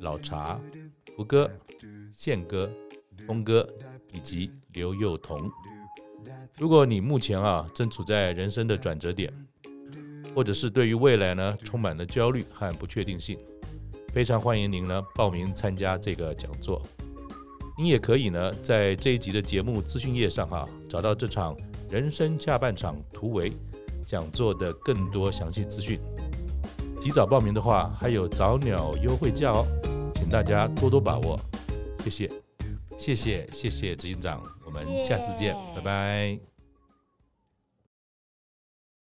老查、福哥、憲哥、峰哥以及劉宥彤。如果你目前啊，正處在人生的轉折點，或者是對於未來呢，充滿了焦慮和不確定性。非常歡迎您呢報名參加這個講座，您也可以呢在這一集的節目資訊頁上哈、啊、找到這場人生下半場突圍講座的更多詳細資訊，及早報名的話還有早鳥優惠價哦，請大家多多把握，謝謝，謝謝謝謝執行長，我們下次見，拜拜。